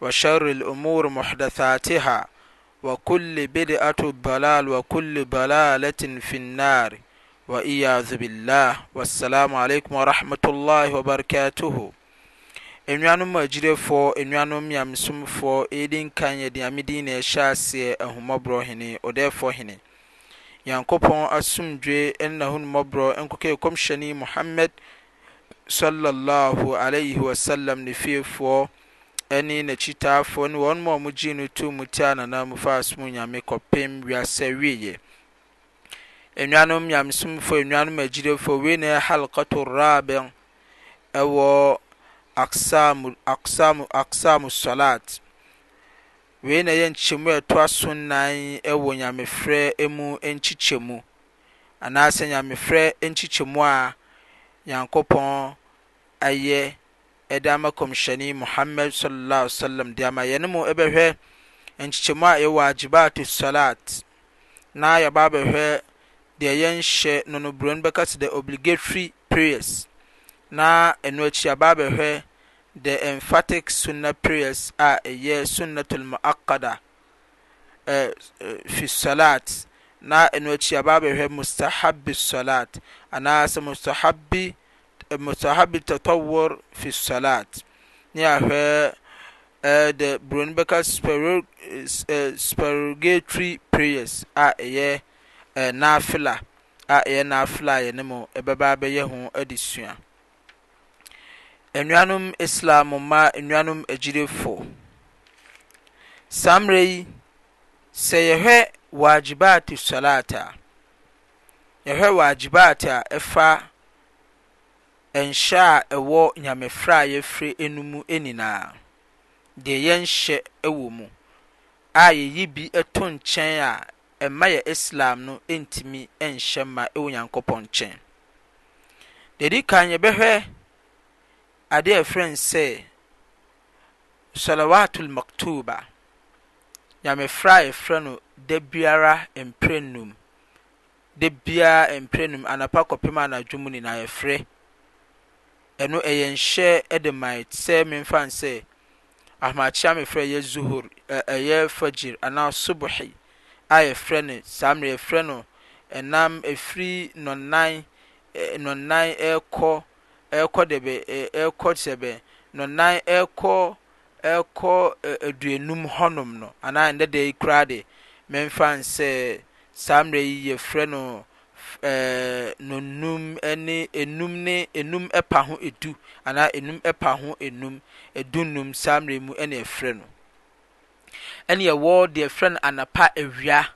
washar lumur muhdatsateha wakule bidiato balal wakule balalatin finar waiyazbah wssalam alaikum warahmatllah wabarakatuh nwanom ayirefɔ enanom yamsomfoɔ edinkan yɛ deamediinaɛsyaaseɛ ahumɔbrɔ hine o dɛfɔ hine yankopɔn asomdwe ɛnna hunumɔborɔ nkɔkɛ kɔmsyɛni muhamd wsne fiefuɔ ne n'akyitaafoɔ ne wɔn a wɔn wɔgyee no too mu tiaa n'anan faa som nyame kɔpem wiase wieɛ nnuanom nyamesomfoɔ nnuanom agyilefoɔ wei na halkato raben ɛwɔ aksamu aksamu aksamu salat wei na yɛ nkyɛmu a ɛtoa so nnan ɛwɔ nyamefrɛ mu nkyikyɛmu anaasɛ nyamefrɛ nkyikyɛmu a nyankopɔn ayɛ Ɛda ama kɔmhyɛne muhammad sallallahu alaihi wasallam de ama yɛne mu ɛbɛhwɛ nkyekyɛmu a ɛwɔ e agyibaato salat na yɛba bɛhwɛ deɛ yɛnhyɛ nonoburo no bɛka sɛ the obligatory prayers na ɛno akyi aba bɛhwɛ the emphatic sunna prayers a ɛyɛ sunnatul muakkada eh, eh, fi salat na ɛno akyi aba bɛhwɛ mustahabi salat anaasɛ mustahabi. mustahabi tatawur fi salat a ahwɛ ɛɛdɛ buroni bɛka spurgatory prayers a ɛyɛ ɛɛ nafila a ɛyɛ nafila a yɛne mu ɛbɛba abɛyɛ ho adesua nnuanom islam ma nnuanom agyirefo samre yi sɛ yɛhwɛ wajibat salat a yɛhwɛ wajibat a ɛfa ɛnhyɛ a ɛwɔ nyamefrɛ a yɛfirɛ enumu nyinaa deɛ yɛnhyɛ wɔ mu a yɛyi bi ɛto nkyɛn a ɛmma yɛ islam no ɛntimi nhyɛ ma ɛwɔ nyankopɔn nkyɛn dedi ka yɛbɛhwɛ adeɛ ɛfrɛ n sɛ solowatu al moktuba nyamefrɛ a yɛfirɛ no da biara mprɛnum da biara mprɛnum anapa kɔpem anadwo mu nyinaayɛfrɛ ɛno ɛyɛ nhyɛ de man sɛ memfa sɛ ahomakye a mefrɛ yɛ zuhur ɛyɛ fagir anaa subuhi a yɛfrɛ no saa mmerɛ yɛfrɛ no ɛnam ɛfiri nɔnan nɔnan ɛkɔ ɛkɔ dɛbɛ ɛkɔ sɛbɛ nɔnan ɛkɔ ɛkɔ aduonum hɔnom no anaa ɛnɛ de yi kura de memfa sɛ saa mmerɛ yi yɛfrɛ no ɛɛɛ eh, nonum ɛne enum ne enum ɛpa ho edu anaa enum ɛpa ho enum edunum saa mmerɛ mu ɛna ɛfrɛ no ɛne ɛwɔ deɛ ɛfrɛ no anapa ewia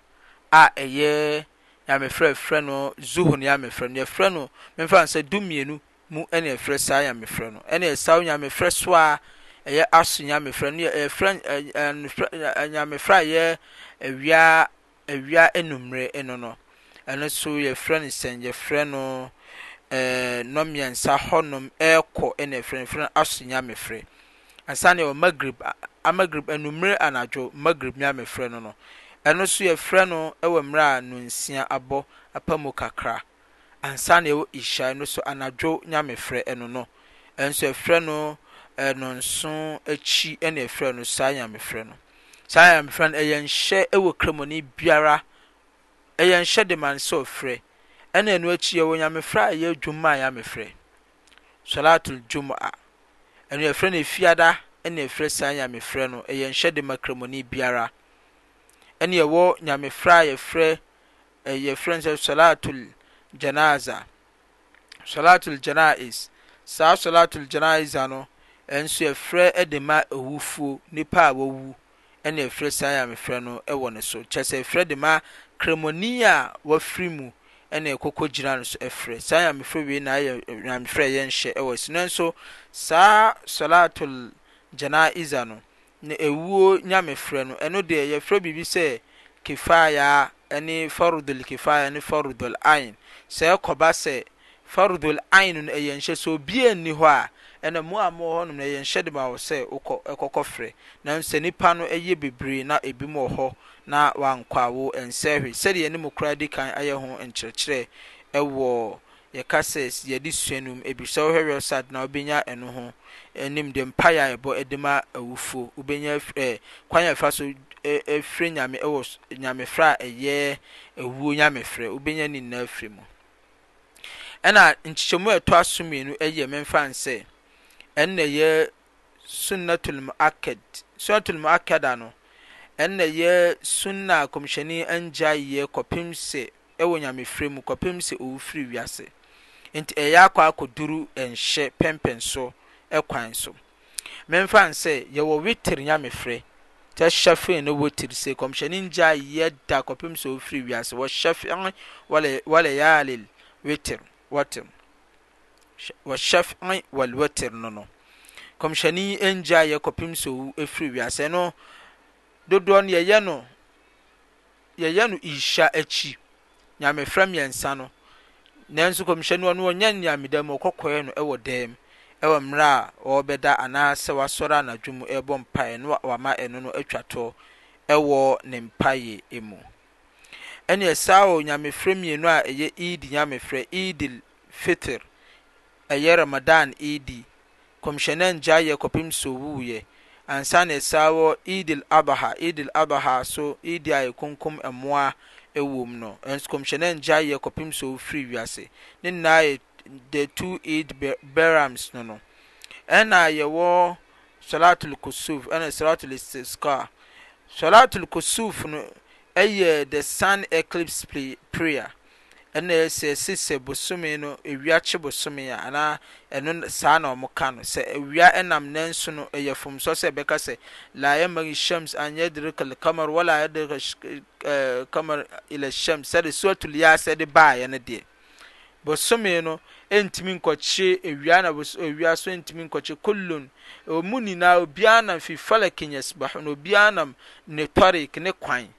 a ɛyɛ yamefrɛ ɛfrɛ no zuhu ne yamefrɛ no yɛfrɛ no mmefa nsa du mmienu mu ɛna ɛfrɛ saa yamefrɛ no ɛna ɛsaw yamefrɛ so a ɛyɛ aso nyamefrɛ no yɛfrɛ ɛɛ nyamefrɛ a ɛyɛ ewia ewia enummerɛ ɛno no. ɛno nso yɛfrɛ no sɛn yɛfrɛ no ɛɛ eh, nnɔm mmiɛnsa hɔnom ɛɛkɔ ɛna yɛfrɛ no yɛfrɛ no aso nyamefrɛ ansa na yɛwɔ magrib amagrib enumere anadwo magrib nyamefrɛ no no ɛno nso yɛfrɛ no ɛwɔ mmerɛ a nonsia abɔ apamu kakra ansa ɛwɔ yɛwɔ ihyia no so anadwo nyamefrɛ ɛno no ɛnso yɛfrɛ no ɛno eh, nso akyi ɛna yɛfrɛ no saa nyamefrɛ no saa nyamefrɛ no ɛyɛ nhyɛ ɛwɔ kremoni biara ɛyɛ nhyɛ de manesɛɔfrɛ ɛne ɛno akyi yɛwɔ nyamefrɛ a yɛ dwummaa nyame frɛ solatul wuma ɛneyɛfrɛ ne fiada nefrɛ saa nyamefrɛ no ɛyɛ nhyɛde ma krimoni biara ɛnewɔ nyamefrɛ ayfyfɛ tjna slatul janais saa solatul janaisa no ɛnso yɛfrɛ de ma ɛwufuo nnipa a wɔwu nefrɛ saa nyamefɛ no wɔ ne so kyɛɛ sɛ ɛfrɛ de ma kremoni a wafiri mu ɛna ɛkɔkɔ gyina no so ɛfrɛ saa nyamefrɛ wei na ayɛ nyamefrɛ yɛ nhyɛ ɛwɔ si no nso saa salatul janaiza no na ewuo nyamefrɛ no ɛno deɛ yɛfrɛ biribi sɛ kifaya ɛne farudul kifaya ne farudul ain sɛ ɛkɔba sɛ farudul ain no ɛyɛ nhyɛ so obiara nni hɔ a ɛna mu a mo wɔ hɔnom no ɛyɛ nhyɛ de ma wɔ sɛ ɛkɔkɔ frɛ nanso nipa no ɛyɛ bebree na ebi mu wɔ hɔ na wankwawo nsɛhwe sɛdeɛ ne mu koraa di kan ayɛ ho nkyerɛkyerɛ ɛwɔ yɛka sɛ yɛde sua no mu ebi sɛ wohwɛ website na wobɛnya ɛno ho anim de mpaeɛ a ɛbɔ de ma awufo wobɛnya ɛɛ kwan a ɛfa so ɛfiri nyame ɛwɔ nyamefrɛ a ɛyɛ awuo nyamefrɛ wobɛnya ne nyinaa firi mu ɛna nkyekyɛmu a ɛtɔ so mmienu ɛyɛ memfa nsɛ ɛnna ɛyɛ sunnatul muakkad sunnatul muakkada no ɛna yɛ sunna kɔmehyɛne ɛngye ayɛ kɔpem sɛ ɛwɔ nyame firɛ mu kɔpem sɛ owo firi wiase nti ɛyakɔ akɔduru ɛnhyɛ pɛmpɛn so ɛkwan so mfan sɛ yɛwɔ witir nyame frɛ ta syɛ fene wetir se kɔmehyɛne ngyeyɛ da kɔpem sɛ ow firi wias wɔyɛf walyaalewrwyɛfe wwitir no n kmehyɛne ɛngyeayɛ kɔpem sɛ owɛfiri wias ɛn dodoɔ no yɛyɛ no yɛyɛ no ihyia akyi nyame frɛ mmiɛnsa no nanso kɔmhyɛ no ɔno ɔnyɛ nyame da mu ɔkɔkɔɛ no ɛwɔ dɛm ɛwɔ mmerɛ a ɔrebɛda anaasɛ wasɔre anadwo mu ɛrebɔ mpaeɛ no wama ɛno no atwa toɔ ɛwɔ ne mpaeɛ mu ɛne saa wɔ nyamefrɛ mmienu a ɛyɛ eid frɛ eid fitr ɛyɛ ramadan eid kɔmhyɛne ngya yɛ kɔpem so ansane ɛsa wɔ edl abaha edl abaha so ed a yɛ konkom ɛmmoa ɛwomu no ɛnsukumhyɛ ne ngye yɛ kɔpem sowo fri wiase ne nnaa yɛ the two eid berams no no ɛna yɛwɔ solatul kosoof ɛna solatul scar solatul kousoof no ɛyɛ the sun eclipse praer ɛnɛsɛsesɛ bosome no ewia kye bosome a anaa ɛno saa na ɔmo ka no sɛ awia ɛnam nanso no ɛyɛ fomso sɛ ɛbɛka sɛ layɛma shams nyɛdirklcmar wlɛdcmar eh, ila sms sɛde suatuloa sɛde baa ɛ no deɛ bosome no ntimi nkkwia sntiminkk kulun ɔmu nyinaa obiaa nam fii falikinya sbahun obiaanam netoric ne kwan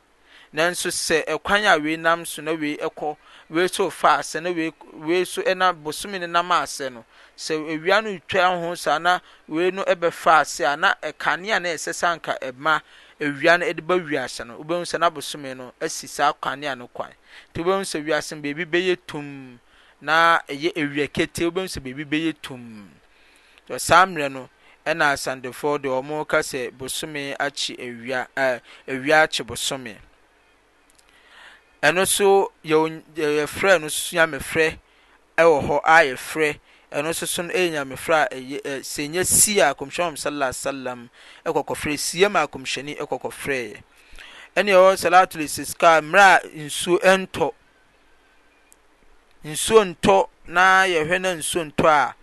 nanso sɛ ɛkwan a wei nam sona wei ɛkɔ wei so fa ase na wei so ɛna bosome ne nam ase no sɛ ewia no twa ho saa na wei no ɛbɛfa asɛ a na ɛkanea na ɛsɛ sɛ anka ɛma ewia no ɛde ba wiase no wobɛhu sɛ na bosome no asi saa kanea no kwan nti wobɛhu sɛ wiase no beebi bɛyɛ tum na ɛyɛ ewia ketee wobɛhu sɛ beebi bɛyɛ tum saa mmerɛ no ɛna asandefoɔ deɛ wɔn ka sɛ bosome akyi ewia ɛɛ ewia akyi bosome. ɛno nso yɛyɛfrɛ no s nyamefrɛ wɔ hɔ ayɛfrɛ ɛno soso no ɛyɛ nyamefrɛ a sɛɛnya si a komyɛn ɔm salala salam kɔkɔfrɛ sia ma kɔmhyɛne ɛkɔkɔ frɛɛ ɛnɛhɔ salatolesscar merɛ nsuonsuontna yɛhɛ na nsuontɔ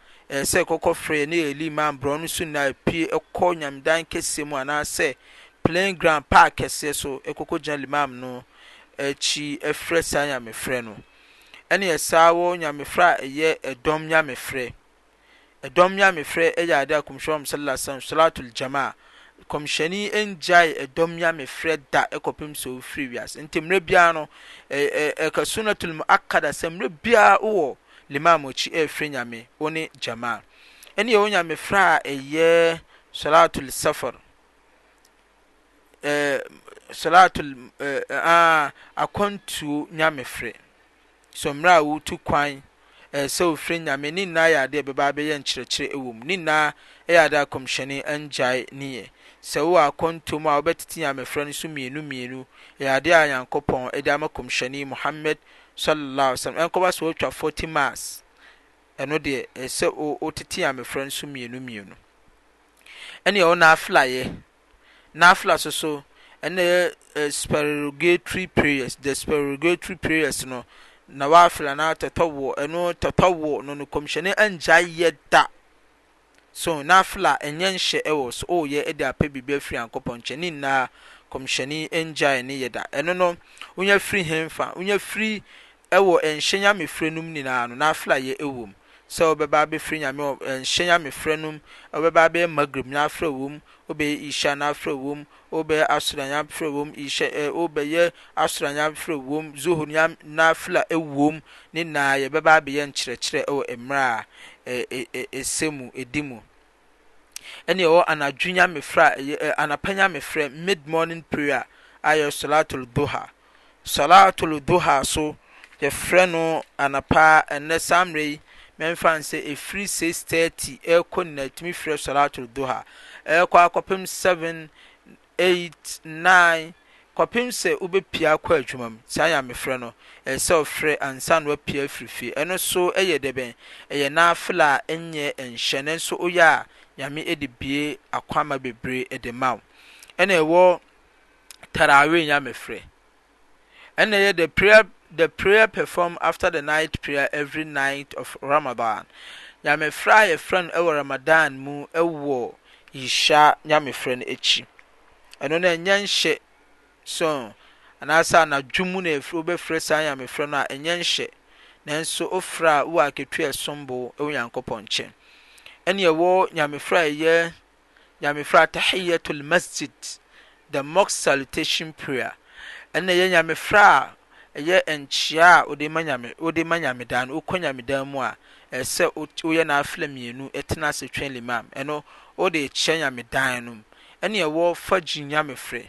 sɛ ɛkɔkɔ frɛ ne yɛlima brɔno sonnapue ɛkɔ nyamedan kɛsiɛmu anaasɛ plain ground pa kɛseɛ so ɛkokɔgyina lemam no akyi frɛ saa nyamefrɛ no ɛne ɛsaa wɔ nyamefrɛ a ɛyɛ ɛdɔm nyamefrɛ ɛdɔm nyamefrɛ ɛyɛ ade a kɔmhyɛn sallallahu alaihi wasallam salatul jamaa kɔmhyɛni ngyae ɛdɔm nyamefrɛ da ɛkɔpem sɛ ofiri wiase nti mmerɛ biara no ɛɛ ɛka sunnatul mu akada sɛ mmerɛ biara wɔ limam akyi ɛɛfrɛ nyame wɔne jamaa ɛne ɛwɔ nyamefrɛ a ɛyɛ salatul safar salatul eh, eh, akwantuo nyame frɛ so mmerɛ a wotu kwan eh, sɛ ofiri nyame ne nyinaa yɛ adeɛ bɛba bɛyɛ nkyerɛkyerɛ wɔ mu ne nyinaa yɛ adeɛ akɔmhyɛne ngyae neyɛ sɛ wowɔ akwantuo mu a wobɛtete nyamefrɛ no so mmienu mmienu yɛ adeɛ a nyankopɔn de ama kɔmhyɛne muhammad sallallahu alaihi wasallam ɛnkɔba sɛ wɔtwa 40 miles ɛno deɛ sɛ wotete nyamefrɛ no so mmienu mmienu ɛne ɛwo na aflaeɛ nafla so so ɛna yɛ spirogatory prayers the spirogatory prayers no na wafla na tɔtɔwɔ ɛno tɔtɔwɔ no no kɔmhyɛne angya yɛ da so nafla ɛnyɛ nhyɛ ɛwɔ so ɔɔyɛ oh, ɛde apɛ biribi afiri ankɔpɔ nkyɛn ne nyinaa kɔmhyɛne angya ne yɛ da ɛno no wonya firi hɛn fa wonya firi ɛwɔ nhyɛn amefra no mu nyinaa no nafla yɛ ɛwɔ mu sɛ wobɛba abɛfiri nyame eh, nhyɛ nyame frɛ no mu wobɛba abɛyɛ magrim na afrɛ wɔ mu wobɛyɛ isha na afrɛ wɔ mu wobɛyɛ asora na afrɛ wɔ mu isha ɛ eh, wobɛyɛ asora na afrɛ wɔ mu zuhur na afla ɛwɔ mu ne nyinaa yɛbɛba abɛyɛ nkyerɛkyerɛ ɛwɔ mmerɛ a ɛ eh, ɛsɛ mu ɛdi mu ɛne ɛwɔ anadwo nyame frɛ a ɛyɛ anapa nyame mid morning prayer a yɛ solatul duha solatul duha so yɛfrɛ no anapa ɛnɛ samre yi mmfrane sɛ ɛfiri ses30 ɛrkɔ nna atimi frɛ solatul dɔha ɛɛkɔ a kɔpem 7 eigt 9in kɔpem sɛ wobepia kɔ adwuma mu saa nya mefrɛ no ɛyɛsɛo frɛ ansano wa pia firifie ɛno so ɛyɛ dɛ bɛn ɛyɛ naa felea ɛyɛ nhyɛnenso oyɛ a nyame debie akwama bebree de ma w ɛne ɛwɔ tarare nyame frɛ ɛne ɛyɛ dɛ pria the prayer perform after the night prayer every night of ramadan nyamefrɛ a yɛfrɛ no ɛwɔ ramadan mu wɔ yihya nyamefrɛ no kyi ɛno no ɛnyɛnhyɛ soanasanadwomu nobɛfrɛ saa nyamefrɛ no a ɛnyɛnhyɛ nanso ofr owɔ ketsobo wɔ nyankopɔn nkyɛ ɛnnewɔ nyamefynamefrɛ a tahiyatl masgid the mo salutation prayer ɛnyɛ nyamefrɛ a ɛyɛ nkyia a wɔde ma nyame wɔde ma nyame dan no wokɔ nyame dan mu a ɛsɛ woyɛ n'afila mmienu ɛtena ase twɛn limam ɛno wɔde kyia nyame dan no mu ɛne ɛwɔ fa gyi nyame frɛ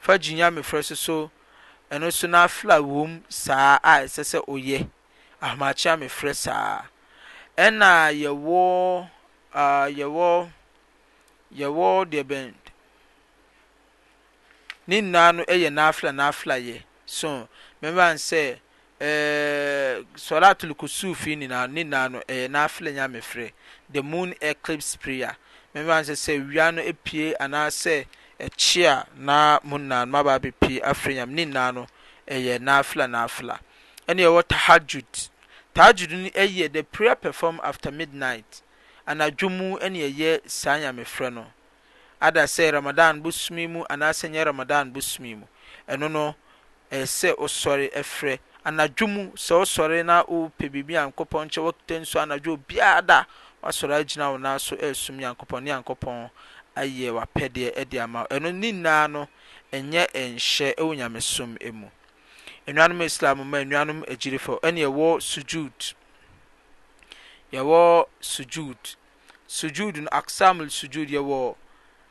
fa gyi nyame frɛ so so ɛno so n'afila wɔm saa a ɛsɛ sɛ oyɛ ahomakyia me frɛ saa ɛna yɛwɔ aa yɛwɔ yɛwɔ deɛ bɛn ne nyinaa no ɛyɛ n'afila n'afila yɛ. smva ne sɛ solatolukosuu fii nyinaa nenaa no ɛyɛ n'fla nyame frɛ the moon eclips praer m sɛ sɛ wia no pue anaasɛ ɛkyianamuambbpi af nyanenaa no ɛyɛ naflanafla ɛneyɛwɔ tahajud tahajud no yɛ the praer perform after midnight anadwomu neyɛyɛ saa nyamefrɛ no ada sɛ ramadan bosumi mu anaasɛyɛ ramadan bosumii muɛn ɛsɛ ɔsɔre ɛfrɛ anadwo mu sɛ ɔsɔre na ɔpɛ biribi nyankopɔn nkyɛ wɔkita nsu anadwo biara da wasɔre agyina wo nan so ɛresum nyankopɔn ne nyankopɔn ayɛ wapɛdeɛ ɛde ama wo ɛno ne nyinaa no ɛnyɛ ɛnhyɛ ɛwɔ nyamesom mu nnuanom islam ma nnuanom agyirifo ɛne ɛwɔ sujud yɛwɔ sujud sujud no aksamul sujud yɛwɔ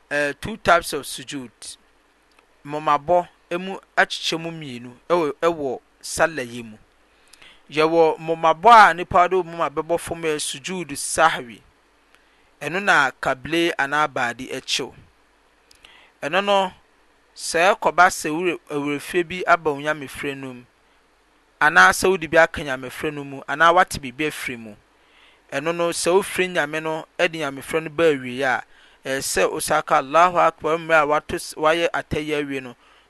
ɛɛ eh, two types of sujud mmɔmabɔ emu akyekyɛ mu mmienu ɛwɔ ɛwɔ sala yi mu yɛwɔ mmomabɔ a nipa de moma bɛbɔ fam yɛ sujuud sahwi ɛno na kable anaa baadi akyew ɛno no sɛ ɛkɔba sɛ wura awurafie bi aba wo nyamefrɛ no mu anaa sɛ wode bi aka nyamefrɛ no mu anaa wate biribi afiri mu ɛno no sɛ wofiri nyame no ɛde nyamefrɛ no ba awie a ɛsɛ osaka allahu akbar mmerɛ a wayɛ atɛyɛ awie no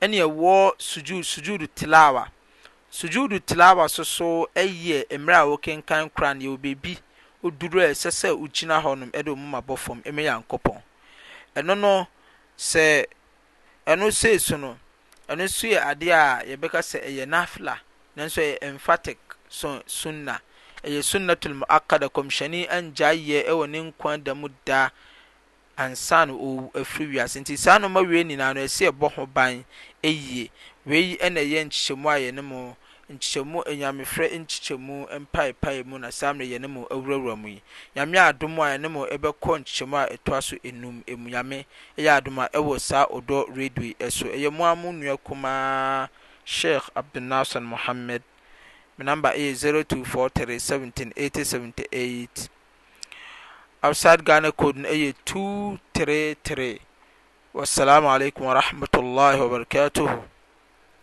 ɛne ɛwɔ sujud sujudu tilawa sujudu tilawa soso ɛyɛ mmerɛ a wɔkenkan koraa no yɛwɔ beebi oduro a ɛsɛ sɛ wogyina hɔnom ɛde ɔmo abɔ fam ɛmɛ yɛ ankɔpɔn ɛno no sɛ ɛno sei so no ɛno so yɛ adeɛ a yɛbɛka sɛ ɛyɛ nafla nanso ɛyɛ emphatic sunna ɛyɛ sunnatul mu'akkada kɔmhyɛni angya yɛ ɛwɔ ne nkwa da mu daa ansa na ɔwu afiri wiase nti saa nneɛma wie nyinaa no ɛsɛ ɛbɔ ho ban yie wei na ɛyɛ nkyekyɛmu a yɛne mu nkyekyɛmu nyamefrɛ nkyekyɛmu mpaepae mu na saa mmerɛ yɛne mu awurawura mu yi nyame adom a yɛne mu ɛbɛkɔ nkyekyɛmu a ɛtoa so enum emu nyame ɛyɛ adom a ɛwɔ saa ɔdɔ radio yi so ɛyɛ mu a mu nua kumaa sheikh abdulnasir muhammed mi namba ɛyɛ zero two four three seventeen eighty seventy eight. outside ghana code no ɛyɛ 233 wassalamu alaikum warahmatullahi wabarakatuhu